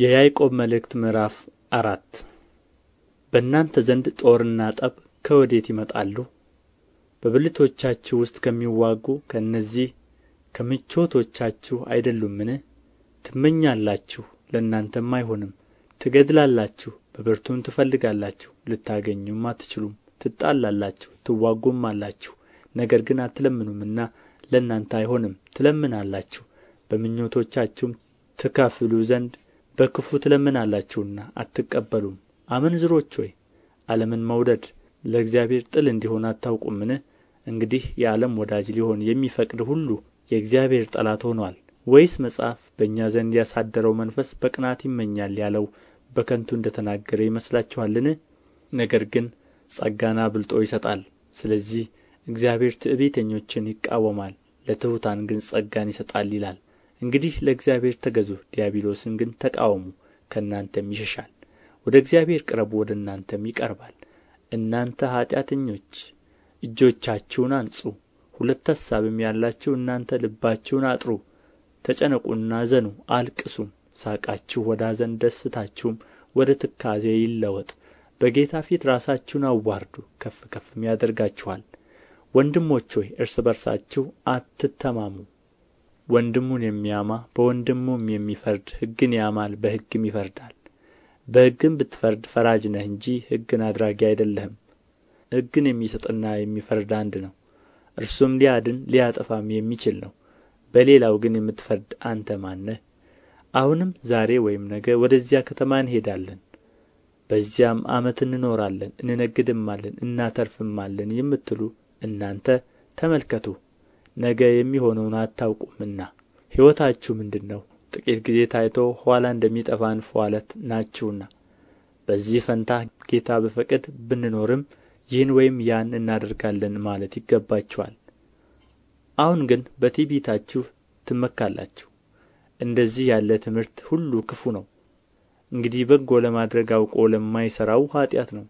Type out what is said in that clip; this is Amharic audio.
የያዕቆብ መልእክት ምዕራፍ አራት በእናንተ ዘንድ ጦርና ጠብ ከወዴት ይመጣሉ? በብልቶቻችሁ ውስጥ ከሚዋጉ ከእነዚህ ከምቾቶቻችሁ አይደሉምን? ትመኛላችሁ፣ ለእናንተም አይሆንም። ትገድላላችሁ፣ በብርቱም ትፈልጋላችሁ፣ ልታገኙም አትችሉም። ትጣላላችሁ፣ ትዋጉም አላችሁ። ነገር ግን አትለምኑምና ለእናንተ አይሆንም። ትለምናላችሁ፣ በምኞቶቻችሁም ትከፍሉ ዘንድ በክፉ ትለምናላችሁና አትቀበሉም አመንዝሮች ሆይ ዓለምን መውደድ ለእግዚአብሔር ጥል እንዲሆን አታውቁምን እንግዲህ የዓለም ወዳጅ ሊሆን የሚፈቅድ ሁሉ የእግዚአብሔር ጠላት ሆኖአል ወይስ መጽሐፍ በእኛ ዘንድ ያሳደረው መንፈስ በቅናት ይመኛል ያለው በከንቱ እንደ ተናገረ ይመስላችኋልን ነገር ግን ጸጋን አብልጦ ይሰጣል ስለዚህ እግዚአብሔር ትዕቢተኞችን ይቃወማል ለትሑታን ግን ጸጋን ይሰጣል ይላል እንግዲህ ለእግዚአብሔር ተገዙ ዲያብሎስን ግን ተቃወሙ ከእናንተም ይሸሻል ወደ እግዚአብሔር ቅረቡ ወደ እናንተም ይቀርባል እናንተ ኀጢአተኞች እጆቻችሁን አንጹ ሁለት ሐሳብም ያላችሁ እናንተ ልባችሁን አጥሩ ተጨነቁና ዘኑ አልቅሱም ሳቃችሁ ወደ ኀዘን ደስታችሁም ወደ ትካዜ ይለወጥ በጌታ ፊት ራሳችሁን አዋርዱ ከፍ ከፍም ያደርጋችኋል ወንድሞች ሆይ እርስ በርሳችሁ አትተማሙ ወንድሙን የሚያማ በወንድሙም የሚፈርድ ሕግን ያማል በሕግም ይፈርዳል በሕግም ብትፈርድ ፈራጅ ነህ እንጂ ሕግን አድራጊ አይደለህም ሕግን የሚሰጥና የሚፈርድ አንድ ነው እርሱም ሊያድን ሊያጠፋም የሚችል ነው በሌላው ግን የምትፈርድ አንተ ማን ነህ አሁንም ዛሬ ወይም ነገ ወደዚያ ከተማ እንሄዳለን በዚያም ዓመት እንኖራለን እንነግድማለን እናተርፍማለን የምትሉ እናንተ ተመልከቱ ነገ የሚሆነውን አታውቁምና ሕይወታችሁ ምንድር ነው ጥቂት ጊዜ ታይቶ ኋላ እንደሚጠፋ እንፏዋለት ናችሁና በዚህ ፈንታ ጌታ በፈቅድ ብንኖርም ይህን ወይም ያን እናደርጋለን ማለት ይገባችኋል አሁን ግን በትዕቢታችሁ ትመካላችሁ እንደዚህ ያለ ትምህርት ሁሉ ክፉ ነው እንግዲህ በጎ ለማድረግ አውቆ ለማይሠራው ኃጢአት ነው